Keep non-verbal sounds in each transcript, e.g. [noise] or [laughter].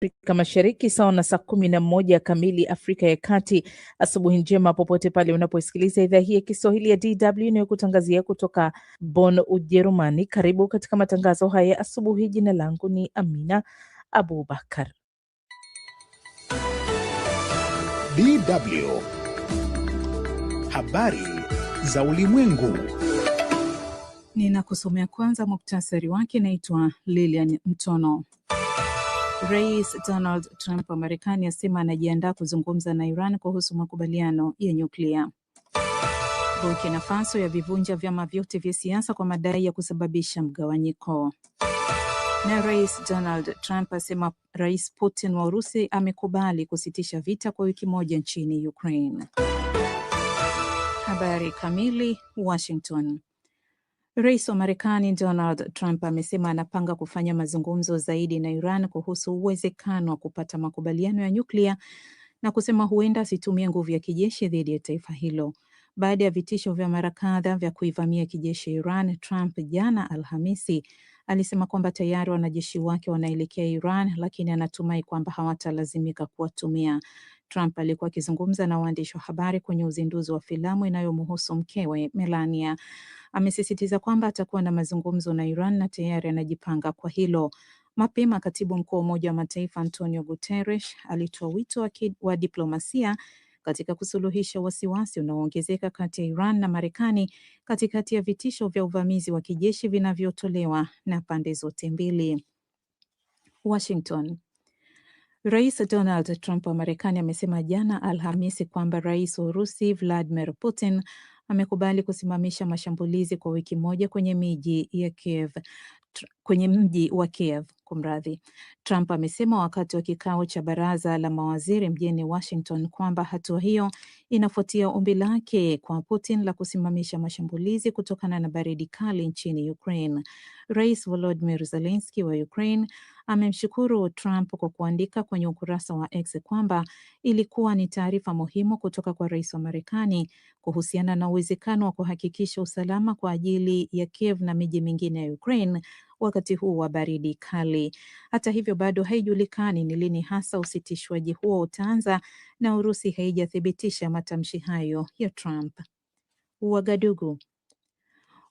Afrika Mashariki sawa na saa kumi na moja kamili Afrika ya Kati. Asubuhi njema popote pale unaposikiliza idhaa hii ya Kiswahili ya DW inayokutangazia kutoka Bonn, Ujerumani. Karibu katika matangazo haya asubuhi. Jina langu ni Amina Abubakar. DW habari za ulimwengu ninakusomea kwanza muktasari wake. Naitwa Lilian Mtono. Rais Donald Trump wa Marekani asema anajiandaa kuzungumza na Iran kuhusu makubaliano ya nyuklia. Burkina Faso yavivunja vyama vyote vya siasa kwa madai ya kusababisha mgawanyiko. Na Rais Donald Trump asema Rais Putin wa Urusi amekubali kusitisha vita kwa wiki moja nchini Ukraine. Habari kamili, Washington. Rais wa Marekani Donald Trump amesema anapanga kufanya mazungumzo zaidi na Iran kuhusu uwezekano wa kupata makubaliano ya nyuklia na kusema huenda asitumie nguvu ya kijeshi dhidi ya taifa hilo. Baada ya vitisho vya mara kadha vya kuivamia kijeshi Iran, Trump jana Alhamisi alisema kwamba tayari wanajeshi wake wanaelekea Iran, lakini anatumai kwamba hawatalazimika kuwatumia. Trump alikuwa akizungumza na waandishi wa habari kwenye uzinduzi wa filamu inayomhusu mkewe Melania. Amesisitiza kwamba atakuwa na mazungumzo na Iran na tayari anajipanga kwa hilo. Mapema katibu mkuu wa Umoja wa Mataifa Antonio Guterres alitoa wito wa, wa diplomasia katika kusuluhisha wasiwasi unaoongezeka kati ya Iran na Marekani katikati ya vitisho vya uvamizi wa kijeshi vinavyotolewa na pande zote mbili. Washington Rais Donald Trump wa Marekani amesema jana Alhamisi kwamba rais wa Urusi Vladimir Putin amekubali kusimamisha mashambulizi kwa wiki moja kwenye miji ya Kiev kwenye mji wa Kiev kumradhi. Trump amesema wakati wa kikao cha baraza la mawaziri mjini Washington kwamba hatua hiyo inafuatia ombi lake kwa Putin la kusimamisha mashambulizi kutokana na baridi kali nchini Ukraine. Rais Volodymyr Zelensky wa Ukraine amemshukuru Trump kwa kuandika kwenye ukurasa wa X kwamba ilikuwa ni taarifa muhimu kutoka kwa rais wa Marekani kuhusiana na uwezekano wa kuhakikisha usalama kwa ajili ya Kiev na miji mingine ya Ukraine wakati huu wa baridi kali. Hata hivyo, bado haijulikani ni lini hasa usitishwaji huo utaanza na Urusi haijathibitisha matamshi hayo ya Trump. Uagadugu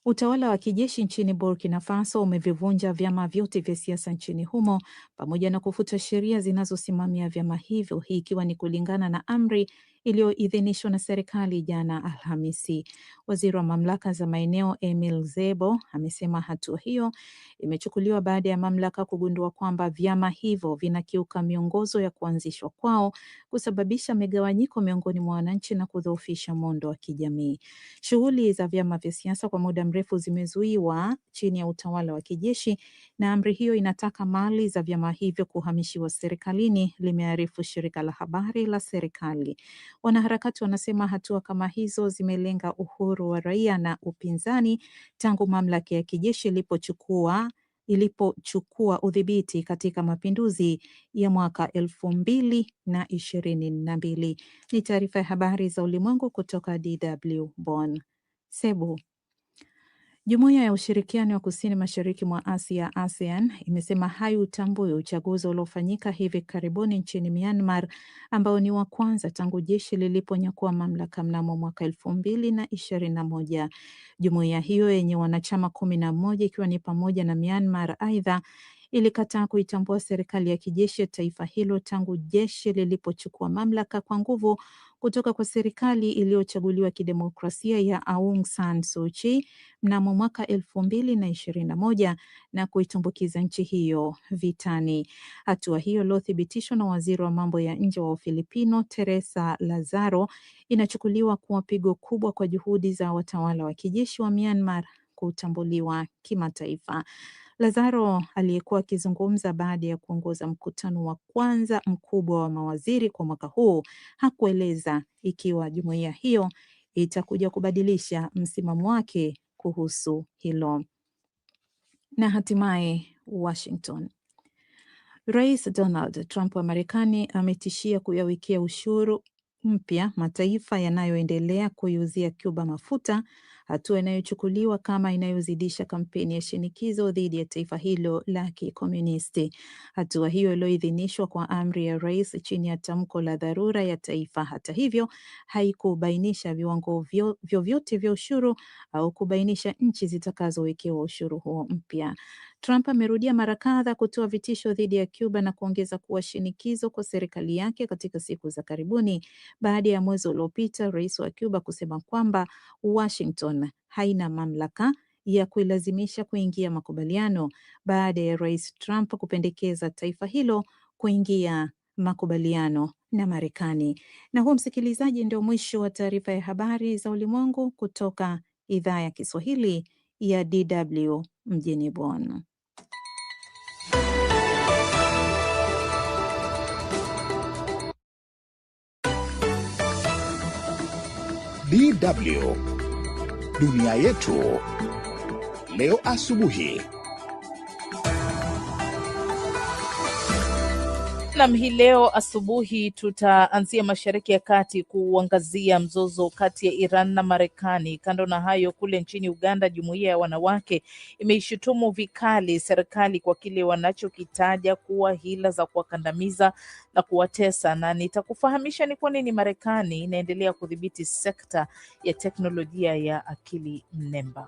Utawala wa kijeshi nchini Burkina Faso umevivunja vyama vyote vya siasa nchini humo pamoja na kufuta sheria zinazosimamia vyama hivyo, hii ikiwa ni kulingana na amri iliyoidhinishwa na serikali jana Alhamisi. Waziri wa mamlaka za maeneo Emil Zebo amesema hatua hiyo imechukuliwa baada ya mamlaka kugundua kwamba vyama hivyo vinakiuka miongozo ya kuanzishwa kwao, kusababisha migawanyiko miongoni mwa wananchi na kudhoofisha mwondo wa kijamii. Shughuli za vyama vya siasa kwa muda mrefu zimezuiwa chini ya utawala wa kijeshi, na amri hiyo inataka mali za vyama hivyo kuhamishiwa serikalini, limearifu shirika la habari la serikali. Wanaharakati wanasema hatua kama hizo zimelenga uhuru wa raia na upinzani tangu mamlaka ya kijeshi ilipochukua ilipochukua udhibiti katika mapinduzi ya mwaka elfu mbili na ishirini na mbili. Ni taarifa ya habari za ulimwengu kutoka DW Bonn. Sebu Jumuiya ya Ushirikiano wa Kusini Mashariki mwa Asia, ASEAN, imesema haiutambui uchaguzi uliofanyika hivi karibuni nchini Myanmar ambao ni wa kwanza tangu jeshi liliponyakua mamlaka mnamo mwaka elfu mbili na ishirini na moja. Jumuiya hiyo yenye wanachama kumi na moja ikiwa ni pamoja na Myanmar, aidha ilikataa kuitambua serikali ya kijeshi ya taifa hilo tangu jeshi lilipochukua mamlaka kwa nguvu kutoka kwa serikali iliyochaguliwa kidemokrasia ya Aung San Suu Kyi mnamo mwaka elfu mbili na ishirini na moja na kuitumbukiza nchi hiyo vitani. Hatua hiyo iliyothibitishwa na waziri wa mambo ya nje wa Ufilipino Teresa Lazaro inachukuliwa kuwa pigo kubwa kwa juhudi za watawala wa kijeshi wa Myanmar kutambuliwa kimataifa. Lazaro aliyekuwa akizungumza baada ya kuongoza mkutano wa kwanza mkubwa wa mawaziri kwa mwaka huu hakueleza ikiwa jumuiya hiyo itakuja kubadilisha msimamo wake kuhusu hilo. Na hatimaye Washington. Rais Donald Trump wa Marekani ametishia kuyawekea ushuru mpya mataifa yanayoendelea kuiuzia Cuba mafuta hatua inayochukuliwa kama inayozidisha kampeni ya shinikizo dhidi ya taifa hilo la kikomunisti. Hatua hiyo iliyoidhinishwa kwa amri ya rais chini ya tamko la dharura ya taifa, hata hivyo, haikubainisha viwango vyovyote vya ushuru au kubainisha nchi zitakazowekewa ushuru huo mpya. Trump amerudia mara kadha kutoa vitisho dhidi ya Cuba na kuongeza kuwa shinikizo kwa serikali yake katika siku za karibuni, baada ya mwezi uliopita rais wa Cuba kusema kwamba Washington Leon haina mamlaka ya kuilazimisha kuingia makubaliano baada ya Rais Trump kupendekeza taifa hilo kuingia makubaliano na Marekani. Na huo, msikilizaji, ndio mwisho wa taarifa ya habari za ulimwengu kutoka idhaa ya Kiswahili ya DW mjini Bonn. DW dunia yetu leo asubuhi. Salaam hii leo asubuhi tutaanzia Mashariki ya Kati kuangazia mzozo kati ya Iran na Marekani. Kando na hayo, kule nchini Uganda, jumuiya ya wanawake imeishutumu vikali serikali kwa kile wanachokitaja kuwa hila za kuwakandamiza na kuwatesa, na nitakufahamisha ni kwa nini Marekani inaendelea kudhibiti sekta ya teknolojia ya akili mnemba.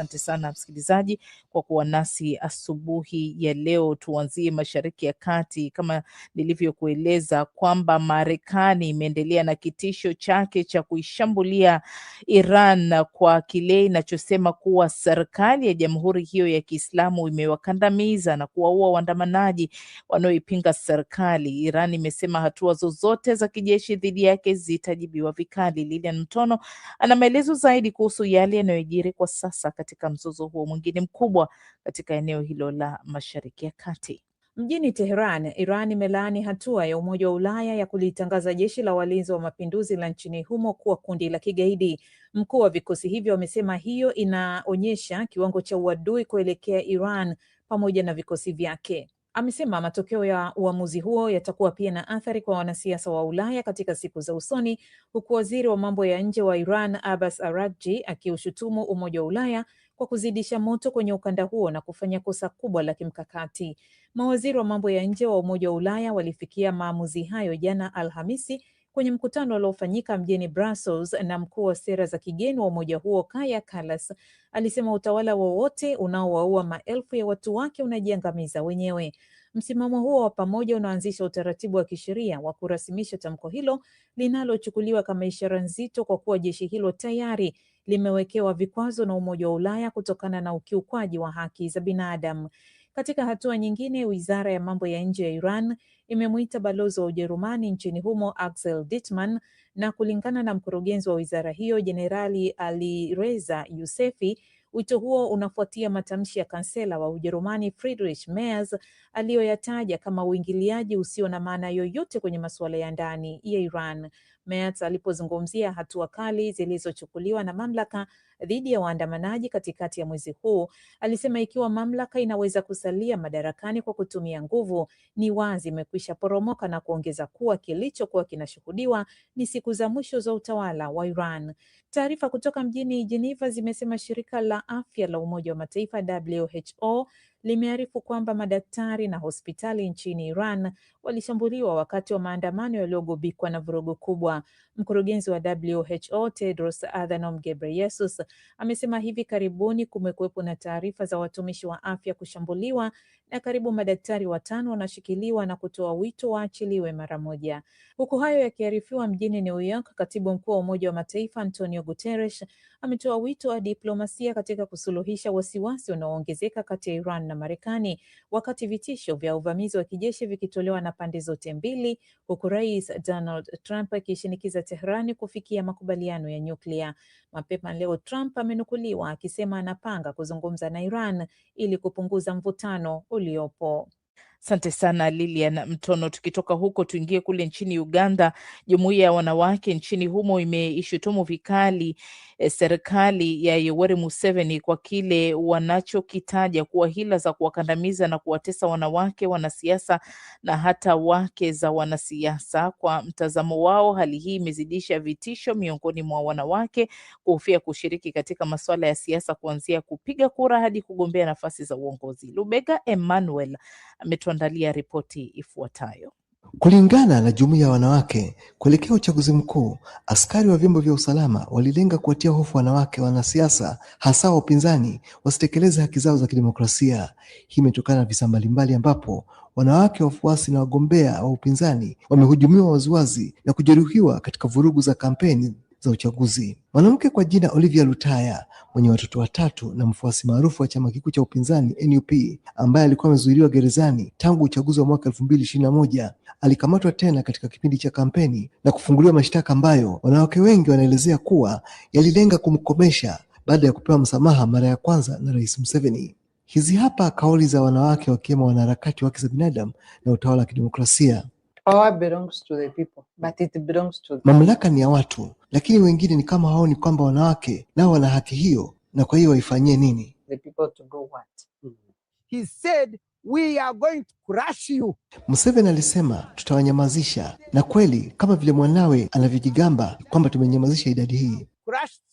Asante sana msikilizaji kwa kuwa nasi asubuhi ya leo. Tuanzie mashariki ya kati, kama nilivyokueleza kwamba Marekani imeendelea na kitisho chake cha kuishambulia Iran kwa kile inachosema kuwa serikali ya jamhuri hiyo ya Kiislamu imewakandamiza na kuwaua waandamanaji wanaoipinga serikali. Iran imesema hatua zozote za kijeshi dhidi yake zitajibiwa vikali. Lilian Mtono ana maelezo zaidi kuhusu yale yanayojiri kwa sasa katika mzozo huo mwingine mkubwa katika eneo hilo la Mashariki ya Kati. Mjini Teheran, Iran imelaani hatua ya Umoja wa Ulaya ya kulitangaza jeshi la walinzi wa mapinduzi la nchini humo kuwa kundi la kigaidi. Mkuu wa vikosi hivyo amesema hiyo inaonyesha kiwango cha uadui kuelekea Iran pamoja na vikosi vyake. Amesema matokeo ya uamuzi huo yatakuwa pia na athari kwa wanasiasa wa Ulaya katika siku za usoni, huku waziri wa mambo ya nje wa Iran Abbas Araghchi akiushutumu Umoja wa Ulaya kwa kuzidisha moto kwenye ukanda huo na kufanya kosa kubwa la kimkakati. Mawaziri wa mambo ya nje wa Umoja wa Ulaya walifikia maamuzi hayo jana Alhamisi kwenye mkutano uliofanyika mjini Brussels na mkuu wa sera za kigeni wa umoja huo kaya Kallas alisema utawala wowote unaowaua maelfu ya watu wake unajiangamiza wenyewe. Msimamo huo wa pamoja unaanzisha utaratibu wa kisheria wa kurasimisha tamko hilo linalochukuliwa kama ishara nzito, kwa kuwa jeshi hilo tayari limewekewa vikwazo na Umoja wa Ulaya kutokana na ukiukwaji wa haki za binadamu. Katika hatua nyingine, wizara ya mambo ya nje ya Iran imemwita balozi wa Ujerumani nchini humo Axel Ditman, na kulingana na mkurugenzi wa wizara hiyo Jenerali Alireza Yusefi, wito huo unafuatia matamshi ya kansela wa Ujerumani Friedrich Merz aliyoyataja kama uingiliaji usio na maana yoyote kwenye masuala ya ndani ya Iran. Merz alipozungumzia hatua kali zilizochukuliwa na mamlaka dhidi ya waandamanaji katikati ya mwezi huu, alisema ikiwa mamlaka inaweza kusalia madarakani kwa kutumia nguvu, ni wazi imekwisha poromoka, na kuongeza kuwa kilichokuwa kinashuhudiwa ni siku za mwisho za utawala wa Iran. Taarifa kutoka mjini Geneva zimesema shirika la afya la Umoja wa Mataifa WHO limearifu kwamba madaktari na hospitali nchini Iran walishambuliwa wakati wa maandamano yaliyogubikwa na vurugu kubwa. Mkurugenzi wa WHO Tedros Adhanom Ghebreyesus amesema hivi karibuni kumekuwepo na taarifa za watumishi wa afya kushambuliwa na karibu madaktari watano wanashikiliwa na kutoa wito waachiliwe mara moja. Huku hayo yakiarifiwa mjini New York, katibu mkuu wa Umoja wa Mataifa Antonio Guterres ametoa wito wa diplomasia katika kusuluhisha wasiwasi unaoongezeka kati ya Iran na Marekani, wakati vitisho vya uvamizi wa kijeshi vikitolewa na pande zote mbili, huku Rais Donald Trump akishinikiza Teherani kufikia makubaliano ya nyuklia. Mapema leo, Trump amenukuliwa akisema anapanga kuzungumza na Iran ili kupunguza mvutano uliopo. Asante sana Lilian Mtono. Tukitoka huko tuingie kule nchini Uganda. Jumuiya ya wanawake nchini humo imeishutumu vikali E, serikali ya Yoweri Museveni kwa kile wanachokitaja kuwa hila za kuwakandamiza na kuwatesa wanawake wanasiasa na hata wake za wanasiasa. Kwa mtazamo wao, hali hii imezidisha vitisho miongoni mwa wanawake kuhofia kushiriki katika masuala ya siasa, kuanzia kupiga kura hadi kugombea nafasi za uongozi. Lubega Emmanuel ametuandalia ripoti ifuatayo. Kulingana na jumuiya ya wanawake kuelekea uchaguzi mkuu askari wa vyombo vya usalama walilenga kuwatia hofu wanawake wanasiasa hasa wa upinzani wasitekeleze haki zao za kidemokrasia. Hii imetokana na visa mbalimbali ambapo wanawake wafuasi na wagombea wa upinzani wamehujumiwa waziwazi na kujeruhiwa katika vurugu za kampeni za uchaguzi. Mwanamke kwa jina Olivia Lutaya mwenye watoto watatu na mfuasi maarufu wa chama kikuu cha upinzani NUP ambaye alikuwa amezuiliwa gerezani tangu uchaguzi wa mwaka elfu mbili ishirini na moja alikamatwa tena katika kipindi cha kampeni na kufunguliwa mashtaka ambayo wanawake wengi wanaelezea kuwa yalilenga kumkomesha baada ya kupewa msamaha mara ya kwanza na Rais Museveni. Hizi hapa kauli za wanawake wakiwemo wanaharakati wa haki za binadamu na utawala wa kidemokrasia. Mamlaka ni ya watu, lakini wengine ni kama haoni kwamba wanawake nao wana haki hiyo, na kwa hiyo waifanyie nini? The to what? Hmm. He said we are going to crush you. Museveni alisema tutawanyamazisha, na kweli kama vile mwanawe anavyojigamba kwamba tumenyamazisha idadi hii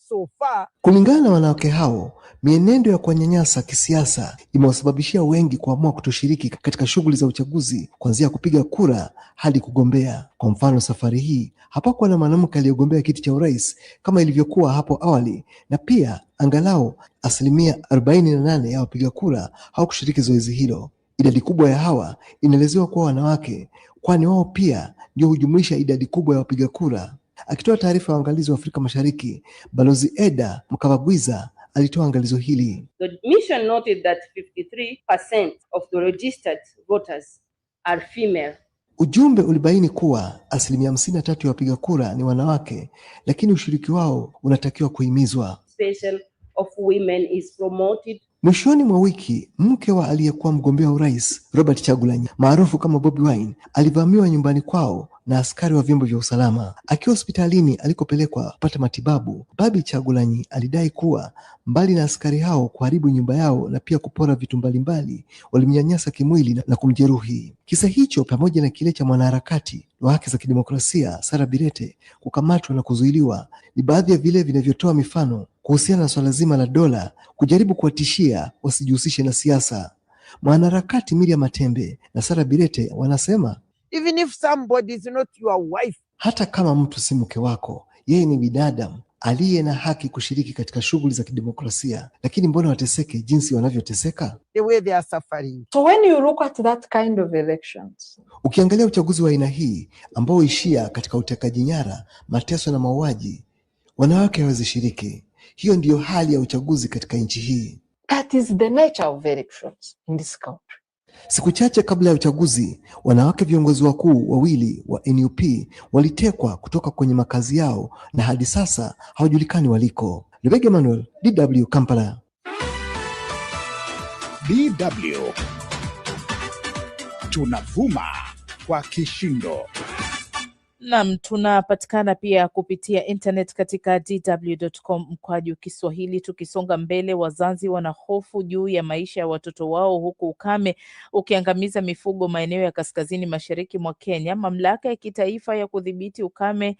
so far. Kulingana na wanawake hao, mienendo ya kuwanyanyasa kisiasa imewasababishia wengi kuamua kutoshiriki katika shughuli za uchaguzi kuanzia kupiga kura hadi kugombea. Kwa mfano, safari hii hapakuwa na mwanamke aliyegombea kiti cha urais kama ilivyokuwa hapo awali, na pia angalau asilimia arobaini na nane ya wapiga kura hawakushiriki zoezi hilo. Idadi kubwa ya hawa inaelezewa kuwa wanawake, kwani wao pia ndio hujumuisha idadi kubwa ya wapiga kura. Akitoa taarifa ya uangalizi wa Afrika Mashariki, Balozi Eda Mkavagwiza alitoa angalizo hili. The mission noted that 53% of the registered voters are female. Ujumbe ulibaini kuwa asilimia hamsini na tatu ya wapiga kura ni wanawake, lakini ushiriki wao unatakiwa kuhimizwa. Mwishoni mwa wiki mke wa aliyekuwa mgombea wa urais Robert Chagulanyi maarufu kama Bobi Wine alivamiwa nyumbani kwao na askari wa vyombo vya usalama. Akiwa hospitalini alikopelekwa kupata matibabu, Babi Chagulanyi alidai kuwa mbali na askari hao kuharibu nyumba yao na pia kupora vitu mbalimbali, walimnyanyasa kimwili na kumjeruhi. Kisa hicho pamoja na kile cha mwanaharakati wa haki za kidemokrasia Sara Birete kukamatwa na kuzuiliwa ni baadhi ya vile vinavyotoa mifano kuhusiana na swala zima la dola kujaribu kuwatishia wasijihusishe na siasa. Mwanaharakati Miriam Matembe na Sara Birete wanasema even if somebody is not your wife. Hata kama mtu si mke wako, yeye ni binadamu aliye na haki kushiriki katika shughuli za kidemokrasia, lakini mbona wateseke jinsi wanavyoteseka? The way they are suffering. So when you look at that kind of elections, ukiangalia uchaguzi wa aina hii ambao ishia katika utekaji nyara, mateso na mauaji, wanawake hawezishiriki Hiyo ndiyo hali ya uchaguzi katika nchi hii. That is the nature of elections in this country. Siku chache kabla ya uchaguzi, wanawake viongozi wakuu wawili wa NUP walitekwa kutoka kwenye makazi yao na hadi sasa hawajulikani waliko. Lubega Manuel, DW Kampala. DW tunavuma kwa kishindo. Naam, tunapatikana pia kupitia internet katika dw.com mkwaju Kiswahili. Tukisonga mbele, wazazi wana hofu juu ya maisha ya watoto wao huku ukame ukiangamiza mifugo maeneo ya kaskazini mashariki mwa Kenya. Mamlaka ya kitaifa ya kudhibiti ukame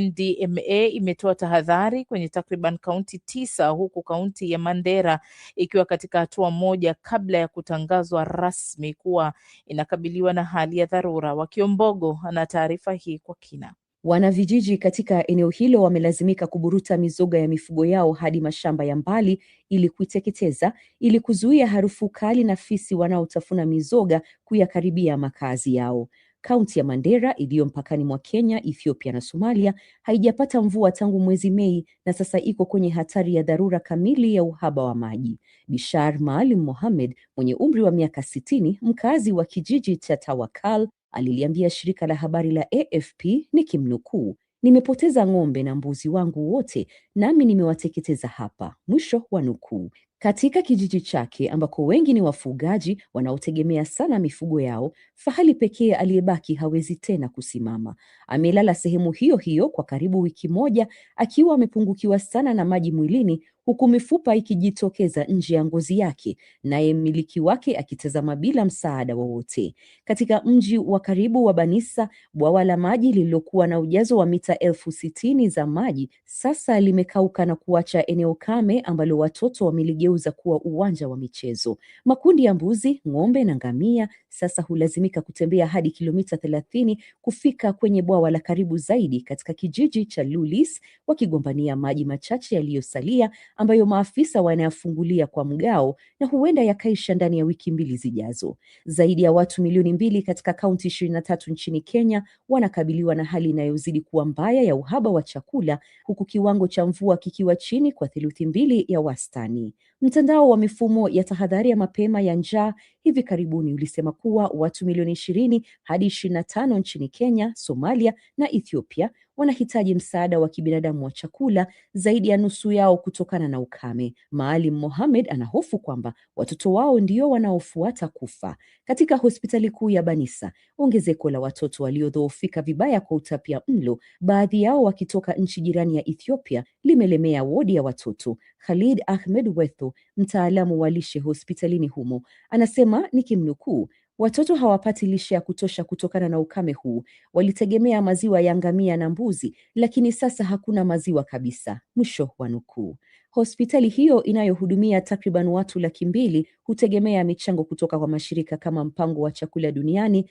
NDMA imetoa tahadhari kwenye takriban kaunti tisa huku kaunti ya Mandera ikiwa katika hatua moja kabla ya kutangazwa rasmi kuwa inakabiliwa na hali ya dharura. Wakiombogo ana taarifa hii kina. Wanavijiji katika eneo hilo wamelazimika kuburuta mizoga ya mifugo yao hadi mashamba ya mbali ili kuiteketeza, ili kuzuia harufu kali na fisi wanaotafuna mizoga kuyakaribia makazi yao. Kaunti ya Mandera iliyo mpakani mwa Kenya, Ethiopia na Somalia haijapata mvua tangu mwezi Mei na sasa iko kwenye hatari ya dharura kamili ya uhaba wa maji. Bishar Maalim Mohamed mwenye umri wa miaka sitini, mkazi wa kijiji cha Tawakal aliliambia shirika la habari la AFP nikimnukuu, nimepoteza ng'ombe na mbuzi wangu wote, nami nimewateketeza hapa, mwisho wa nukuu. Katika kijiji chake ambako wengi ni wafugaji wanaotegemea sana mifugo yao, fahali pekee aliyebaki hawezi tena kusimama. Amelala sehemu hiyo hiyo kwa karibu wiki moja, akiwa amepungukiwa sana na maji mwilini, huku mifupa ikijitokeza nje ya ngozi yake, naye mmiliki wake akitazama bila msaada wowote. Katika mji wa karibu wa Banissa, bwawa la maji lililokuwa na ujazo wa mita elfu sitini za maji sasa limekauka na kuacha eneo kame ambalo watoto wameligeuza kuwa uwanja wa michezo. Makundi ya mbuzi, ng'ombe na ngamia sasa hulazimika kutembea hadi kilomita thelathini kufika kwenye bwawa la karibu zaidi katika kijiji cha Lulis, wakigombania maji machache yaliyosalia ambayo maafisa wanayafungulia kwa mgao na huenda yakaisha ndani ya wiki mbili zijazo. Zaidi ya watu milioni mbili katika kaunti ishirini na tatu nchini Kenya wanakabiliwa na hali inayozidi kuwa mbaya ya uhaba wa chakula, huku kiwango cha mvua kikiwa chini kwa theluthi mbili ya wastani. Mtandao wa mifumo ya tahadhari ya mapema ya njaa hivi karibuni ulisema kuwa watu milioni ishirini hadi ishirini na tano nchini Kenya, Somalia na Ethiopia wanahitaji msaada wa kibinadamu wa chakula, zaidi ya nusu yao kutokana na ukame. Maalim Mohamed anahofu kwamba watoto wao ndio wanaofuata kufa. Katika hospitali kuu ya Banisa, ongezeko la watoto waliodhoofika vibaya kwa utapia mlo, baadhi yao wakitoka nchi jirani ya Ethiopia, limelemea wodi ya watoto. Khalid Ahmed Wetho, mtaalamu wa lishe hospitalini humo, anasema nikimnukuu Watoto hawapati lishe ya kutosha kutokana na ukame huu. Walitegemea maziwa ya ngamia na mbuzi, lakini sasa hakuna maziwa kabisa. Mwisho wa nukuu. Hospitali hiyo inayohudumia takriban watu laki mbili hutegemea michango kutoka kwa mashirika kama Mpango wa Chakula Duniani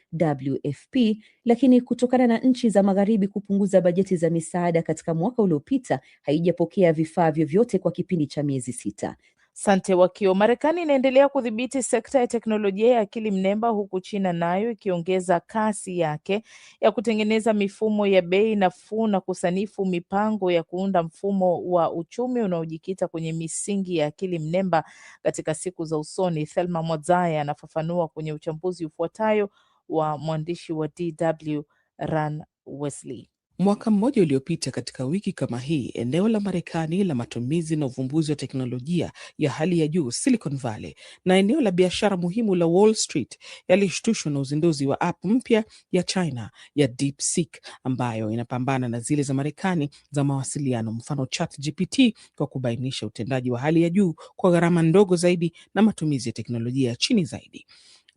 WFP, lakini kutokana na nchi za Magharibi kupunguza bajeti za misaada katika mwaka uliopita, haijapokea vifaa vyovyote kwa kipindi cha miezi sita. Sante Wakio. Marekani inaendelea kudhibiti sekta ya teknolojia ya akili mnemba huku China nayo ikiongeza kasi yake ya kutengeneza mifumo ya bei nafuu na kusanifu mipango ya kuunda mfumo wa uchumi unaojikita kwenye misingi ya akili mnemba katika siku za usoni. Thelma Mwazaya anafafanua kwenye uchambuzi ufuatayo wa mwandishi wa DW Ran Wesley. Mwaka mmoja uliopita katika wiki kama hii, eneo la Marekani la matumizi na uvumbuzi wa teknolojia ya hali ya juu Silicon Valley na eneo la biashara muhimu la Wall Street yalishtushwa na uzinduzi wa app mpya ya China ya DeepSeek ambayo inapambana na zile za Marekani za mawasiliano, mfano ChatGPT, kwa kubainisha utendaji wa hali ya juu kwa gharama ndogo zaidi na matumizi ya teknolojia ya chini zaidi.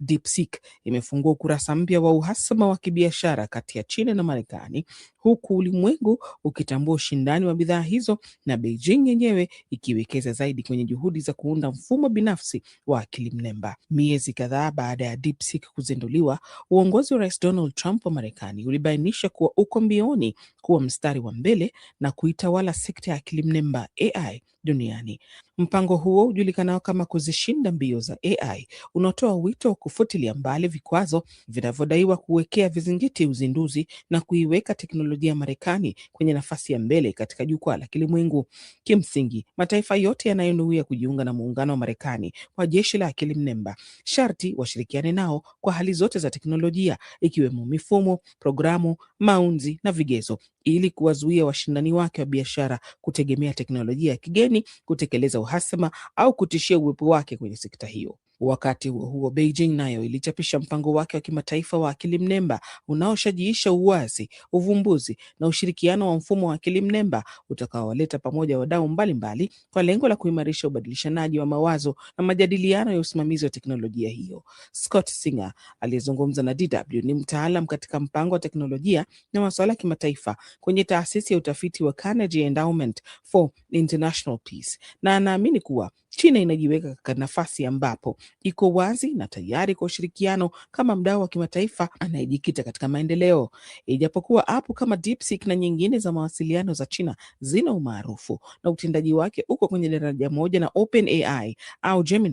DeepSeek imefungua ukurasa mpya wa uhasama wa kibiashara kati ya China na Marekani huku ulimwengu ukitambua ushindani wa bidhaa hizo na Beijing yenyewe ikiwekeza zaidi kwenye juhudi za kuunda mfumo binafsi wa akili mnemba. Miezi kadhaa baada ya DeepSeek kuzinduliwa, uongozi wa Rais Donald Trump wa Marekani ulibainisha kuwa uko mbioni kuwa mstari wa mbele na kuitawala sekta ya akili mnemba AI duniani. Mpango huo ujulikanao kama kuzishinda mbio za AI unatoa wito wa kufutilia mbali vikwazo vinavyodaiwa kuwekea vizingiti uzinduzi na kuiweka teknolojia teknolojia ya Marekani kwenye nafasi ya mbele katika jukwaa la kilimwengu. Kimsingi, mataifa yote yanayonuia kujiunga na muungano wa Marekani kwa jeshi la akili mnemba sharti washirikiane nao kwa hali zote za teknolojia, ikiwemo mifumo, programu, maunzi na vigezo, ili kuwazuia washindani wake wa biashara kutegemea teknolojia ya kigeni, kutekeleza uhasama au kutishia uwepo wake kwenye sekta hiyo. Wakati huo huo, Beijing nayo ilichapisha mpango wake wa kimataifa wa akili mnemba unaoshajiisha uwazi, uvumbuzi na ushirikiano wa mfumo wa akili mnemba utakaowaleta pamoja wadau mbalimbali kwa lengo la kuimarisha ubadilishanaji wa mawazo na majadiliano ya usimamizi wa teknolojia hiyo. Scott Singer aliyezungumza na DW ni mtaalam katika mpango wa teknolojia na masuala ya kimataifa kwenye taasisi ya utafiti wa Carnegie Endowment for International Peace na anaamini kuwa China inajiweka katika nafasi ambapo iko wazi na tayari kwa ushirikiano kama mdau wa kimataifa anayejikita katika maendeleo. Ijapokuwa apu kama DeepSeek na nyingine za mawasiliano za China zina umaarufu na utendaji wake uko kwenye daraja moja na OpenAI au Gemini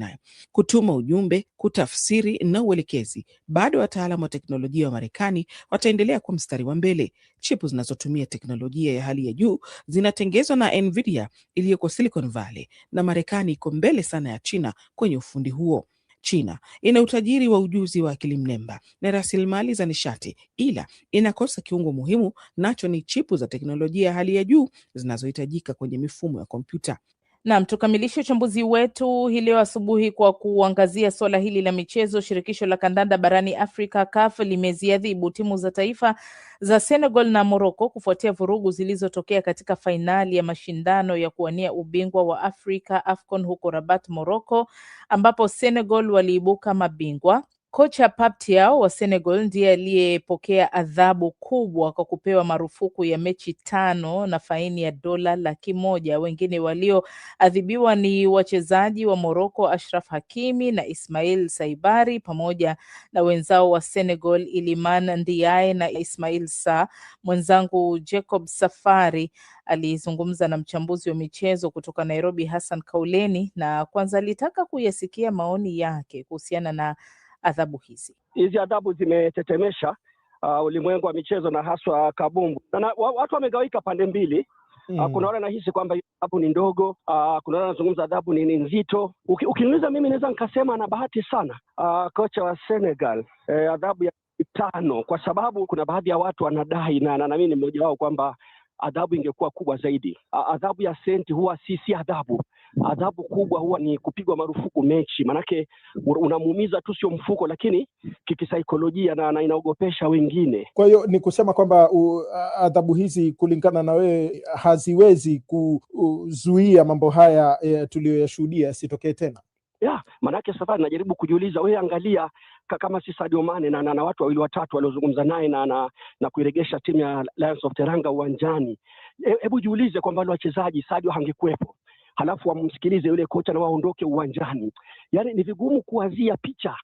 kutuma ujumbe, kutafsiri na uelekezi, bado wataalamu wa teknolojia wa Marekani wataendelea kuwa mstari wa mbele. Chipu zinazotumia teknolojia ya hali ya juu zinatengezwa na Nvidia iliyoko Silicon Valley, na Marekani iko mbele sana ya China kwenye ufundi huo. China ina utajiri wa ujuzi wa akili mnemba na rasilimali za nishati, ila inakosa kiungo muhimu, nacho ni chipu za teknolojia ya hali ya juu zinazohitajika kwenye mifumo ya kompyuta. Naam, tukamilishe uchambuzi wetu hii leo asubuhi kwa kuangazia suala hili la michezo. Shirikisho la kandanda barani Afrika CAF limeziadhibu timu za taifa za Senegal na Morocco kufuatia vurugu zilizotokea katika fainali ya mashindano ya kuwania ubingwa wa Afrika AFCON huko Rabat, Morocco, ambapo Senegal waliibuka mabingwa. Kocha Pap Thiaw wa Senegal ndiye aliyepokea adhabu kubwa kwa kupewa marufuku ya mechi tano na faini ya dola laki moja. Wengine walioadhibiwa ni wachezaji wa Morocco Ashraf Hakimi na Ismail Saibari pamoja na wenzao wa Senegal Iliman Ndiaye na Ismail Sa. Mwenzangu Jacob Safari alizungumza na mchambuzi wa michezo kutoka Nairobi Hassan Kauleni, na kwanza alitaka kuyasikia maoni yake kuhusiana na adhabu hizi. Hizi adhabu zimetetemesha uh, ulimwengu wa michezo na haswa kabumbu na, na, watu wamegawika pande mbili. Uh, mm. Kuna wale anahisi kwamba adhabu ni ndogo. Uh, kuna wale anazungumza adhabu ni, ni nzito. Uki, ukiniuliza mimi naweza nikasema na bahati sana uh, kocha wa Senegal eh, adhabu ya tano, kwa sababu kuna baadhi ya watu wanadai na, na, na mimi ni mmoja wao kwamba adhabu ingekuwa kubwa zaidi. Adhabu ya senti huwa si si adhabu, adhabu kubwa huwa ni kupigwa marufuku mechi, manake unamuumiza tu, sio mfuko, lakini kikisaikolojia na, na inaogopesha wengine. Kwa hiyo ni kusema kwamba adhabu hizi kulingana na wewe haziwezi kuzuia mambo haya e, tuliyoyashuhudia yasitokee tena ya maanake, safari najaribu kujiuliza, wewe angalia kama si Sadio Mane na, na, na watu wawili watatu waliozungumza naye na, na, na kuiregesha timu ya Lions of Teranga uwanjani. E-, hebu jiulize kwamba wale wachezaji Sadio hangekuwepo halafu wamsikilize yule kocha na waondoke uwanjani. Yani ni vigumu kuwazia picha,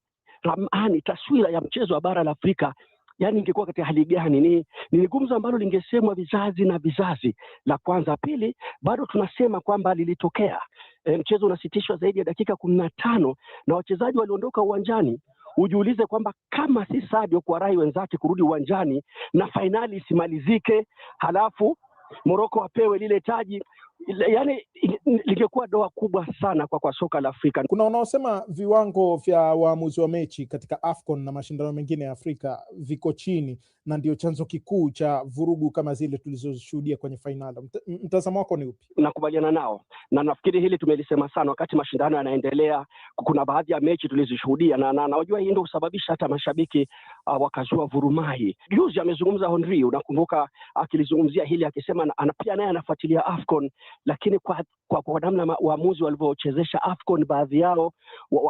ramani, taswira ya mchezo wa bara la Afrika yani ingekuwa katika hali gani? Ni, ni gumzo ambalo lingesemwa vizazi na vizazi, la kwanza. Pili, bado tunasema kwamba lilitokea e, mchezo unasitishwa zaidi ya dakika kumi na tano na wachezaji waliondoka uwanjani. Ujiulize kwamba kama si Sadio kuwarai wenzake kurudi uwanjani na fainali isimalizike, halafu Moroko apewe lile taji, yani lingekuwa doa kubwa sana kwa, kwa soka la Afrika. Kuna wanaosema viwango vya waamuzi wa mechi katika AFCON na mashindano mengine ya Afrika viko chini na ndio chanzo kikuu cha vurugu kama zile tulizoshuhudia kwenye fainali. Mtazamo wako ni upi? Nakubaliana nao na nafikiri hili tumelisema sana wakati mashindano yanaendelea. Kuna baadhi ya mechi tulizoshuhudia na najua na, hii ndo husababisha hata mashabiki uh, wakazua vurumai. Juzi amezungumza Henry, unakumbuka akilizungumzia hili akisema na, pia naye anafuatilia AFCON lakini kwa, kwa, kwa namna waamuzi walivyochezesha AFCON baadhi yao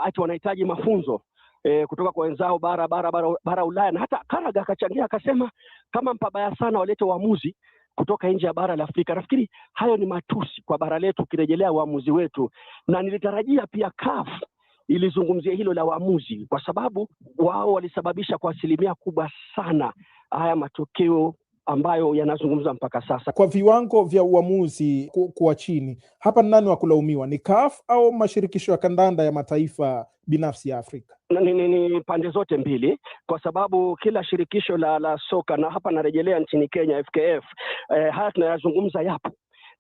hata wanahitaji mafunzo E, kutoka kwa wenzao bara bara bara bara Ulaya na hata Karaga akachangia akasema, kama mpabaya sana walete waamuzi kutoka nje ya bara la Afrika. Nafikiri hayo ni matusi kwa bara letu, ukirejelea waamuzi wetu, na nilitarajia pia CAF ilizungumzia hilo la waamuzi, kwa sababu wao walisababisha kwa asilimia kubwa sana haya matokeo ambayo yanazungumza mpaka sasa. Kwa viwango vya uamuzi kuwa chini hapa, nani wa kulaumiwa? Ni CAF au mashirikisho ya kandanda ya mataifa binafsi ya Afrika? Ni, ni, ni pande zote mbili, kwa sababu kila shirikisho la, la soka na hapa narejelea nchini Kenya FKF, eh, haya tunayazungumza yapo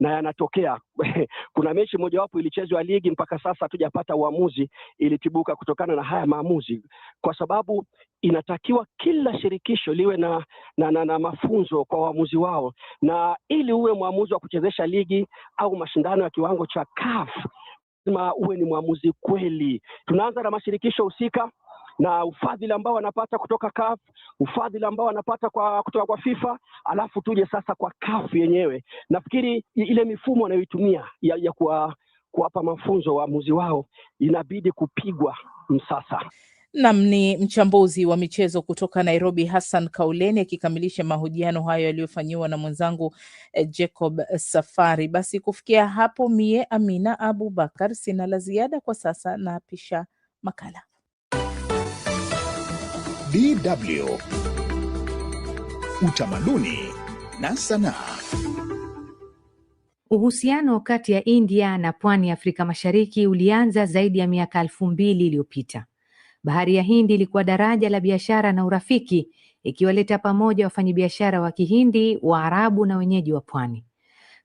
na yanatokea. [laughs] Kuna mechi mojawapo ilichezwa ligi mpaka sasa hatujapata uamuzi, ilitibuka kutokana na haya maamuzi, kwa sababu inatakiwa kila shirikisho liwe na, na, na, na mafunzo kwa waamuzi wao, na ili uwe mwamuzi wa kuchezesha ligi au mashindano ya kiwango cha CAF lazima uwe ni mwamuzi kweli. Tunaanza na mashirikisho husika na ufadhili ambao wanapata kutoka CAF, ufadhili ambao wanapata kwa, kutoka kwa FIFA, alafu tuje sasa kwa CAF yenyewe. Nafikiri ile mifumo wanayoitumia ya, ya kuwa, kuwapa mafunzo waamuzi wao inabidi kupigwa msasa. Nam ni mchambuzi wa michezo kutoka Nairobi, Hassan Kauleni akikamilisha mahojiano hayo yaliyofanyiwa na mwenzangu eh, Jacob Safari. Basi kufikia hapo, mie Amina Abubakar sina la ziada kwa sasa, naapisha makala. DW Utamaduni na Sanaa. Uhusiano kati ya India na pwani ya Afrika Mashariki ulianza zaidi ya miaka elfu mbili iliyopita. Bahari ya Hindi ilikuwa daraja la biashara na urafiki, ikiwaleta pamoja wafanyabiashara wa Kihindi, Waarabu na wenyeji wa pwani.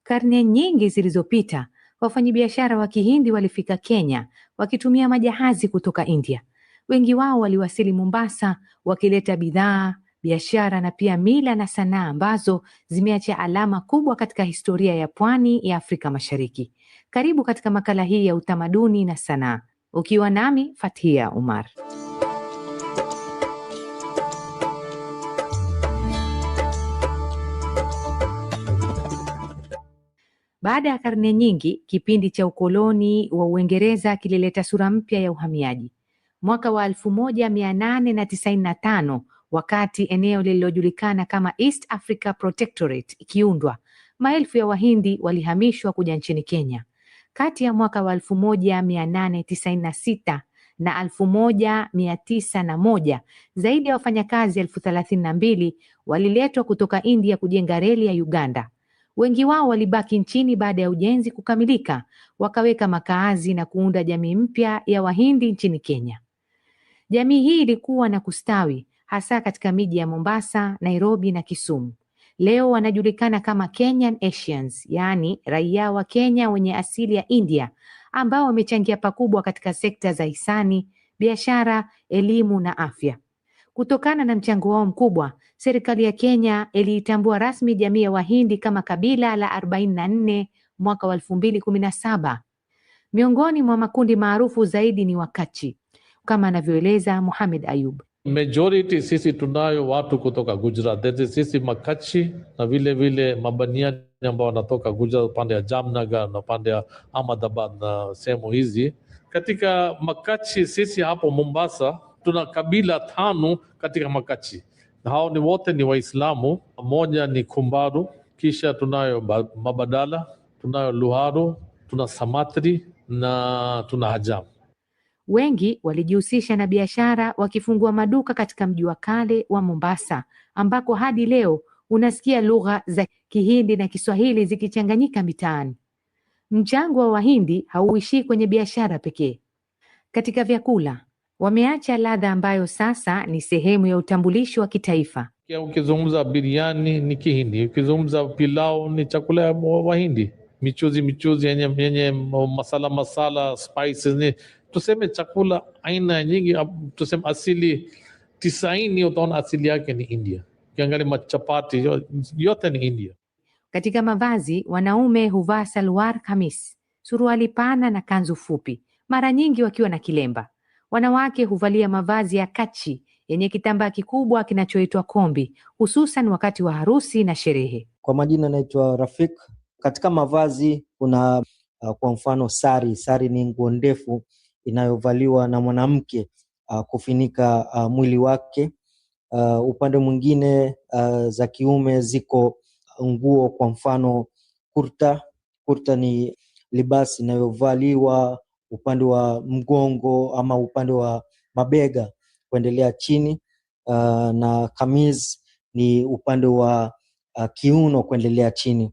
Karne nyingi zilizopita, wafanyabiashara wa Kihindi walifika Kenya wakitumia majahazi kutoka India Wengi wao waliwasili Mombasa wakileta bidhaa, biashara na pia mila na sanaa ambazo zimeacha alama kubwa katika historia ya pwani ya Afrika Mashariki. Karibu katika makala hii ya utamaduni na sanaa, ukiwa nami Fathia Umar. Baada ya karne nyingi, kipindi cha ukoloni wa Uingereza kilileta sura mpya ya uhamiaji mwaka wa elfu moja mia nane na tisaini na tano wakati eneo lililojulikana kama East Africa Protectorate ikiundwa, maelfu ya Wahindi walihamishwa kuja nchini Kenya. Kati ya mwaka wa elfu moja mia nane tisaini na sita na elfu moja mia tisa na moja zaidi ya wafanyakazi elfu thelathini na mbili waliletwa kutoka India kujenga reli ya Uganda. Wengi wao walibaki nchini baada ya ujenzi kukamilika, wakaweka makaazi na kuunda jamii mpya ya Wahindi nchini Kenya. Jamii hii ilikuwa na kustawi hasa katika miji ya Mombasa, Nairobi na Kisumu. Leo wanajulikana kama Kenyan Asians, yaani raia wa Kenya wenye asili ya India ambao wamechangia pakubwa katika sekta za hisani, biashara, elimu na afya. Kutokana na mchango wao mkubwa, serikali ya Kenya iliitambua rasmi jamii ya Wahindi kama kabila la 44 na nne mwaka wa elfu mbili kumi na saba. Miongoni mwa makundi maarufu zaidi ni Wakachi kama anavyoeleza Muhamed Ayub. Majority sisi tunayo watu kutoka Gujarat, that is sisi makachi na vile vile mabaniani ambao wanatoka Gujarat, upande ya Jamnagar na upande ya Ahmadabad na sehemu hizi. Katika makachi sisi hapo Mombasa tuna kabila tano katika makachi, na hao ni wote ni Waislamu. Moja ni Kumbaru, kisha tunayo Mabadala, tunayo Luharu, tuna Samatri na tuna Hajamu. Wengi walijihusisha na biashara wakifungua maduka katika mji wa kale wa Mombasa ambako hadi leo unasikia lugha za Kihindi na Kiswahili zikichanganyika mitaani. Mchango wa Wahindi hauishii kwenye biashara pekee. Katika vyakula, wameacha ladha ambayo sasa ni sehemu ya utambulishi wa kitaifa. Ukizungumza biriani ni Kihindi, ukizungumza pilau ni chakula ya Wahindi, michuzi michuzi yenye masala masala, spices ni tuseme chakula aina nyingi, ah, tuseme asili tisaini, utaona asili yake ni India. Ukiangalia machapati yote ni India. Katika mavazi, wanaume huvaa salwar kamis, suruali pana na kanzu fupi, mara nyingi wakiwa na kilemba. Wanawake huvalia mavazi ya kachi yenye kitambaa kikubwa kinachoitwa kombi, hususan wakati wa harusi na sherehe. Kwa majina anaitwa Rafik. Katika mavazi kuna uh, kwa mfano sari. Sari ni nguo ndefu inayovaliwa na mwanamke uh, kufunika uh, mwili wake. Uh, upande mwingine uh, za kiume ziko nguo, kwa mfano kurta. Kurta ni libasi inayovaliwa upande wa mgongo ama upande wa mabega kuendelea chini, uh, na kamiz ni upande wa uh, kiuno kuendelea chini.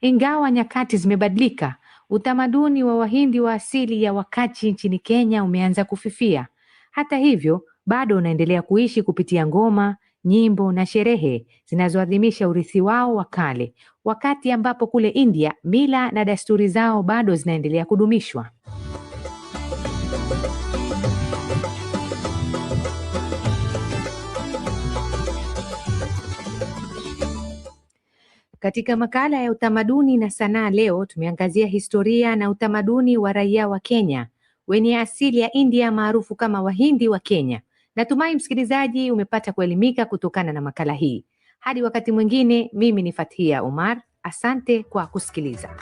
Ingawa nyakati zimebadilika, Utamaduni wa Wahindi wa asili ya Wakachi nchini Kenya umeanza kufifia. Hata hivyo, bado unaendelea kuishi kupitia ngoma, nyimbo na sherehe zinazoadhimisha urithi wao wa kale, wakati ambapo kule India mila na desturi zao bado zinaendelea kudumishwa. Katika makala ya utamaduni na sanaa leo tumeangazia historia na utamaduni wa raia wa Kenya wenye asili ya India maarufu kama Wahindi wa Kenya. Natumai msikilizaji umepata kuelimika kutokana na makala hii. Hadi wakati mwingine, mimi ni Fathia Omar. Asante kwa kusikiliza.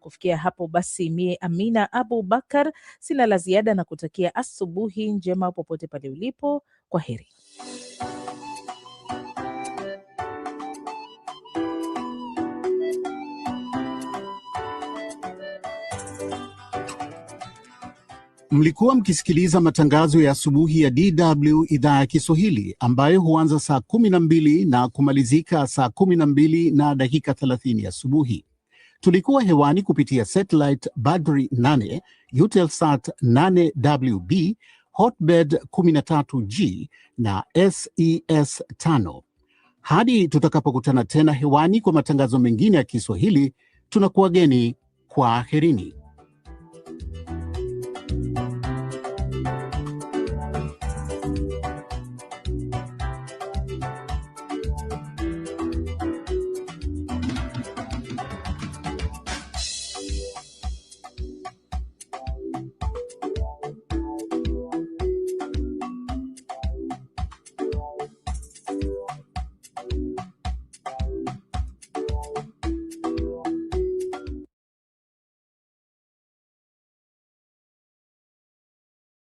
Kufikia hapo basi, mie Amina Abu Bakar sina la ziada na kutakia asubuhi njema popote pale ulipo. Kwa heri. Mlikuwa mkisikiliza matangazo ya asubuhi ya DW idhaa ya Kiswahili ambayo huanza saa 12 na kumalizika saa 12 na dakika 30 asubuhi. Tulikuwa hewani kupitia satellite Badri 8, Utelsat 8WB Hotbed 13G na SES 5. E Hadi tutakapokutana tena hewani kwa matangazo mengine ya Kiswahili, tunakuwageni kwa aherini.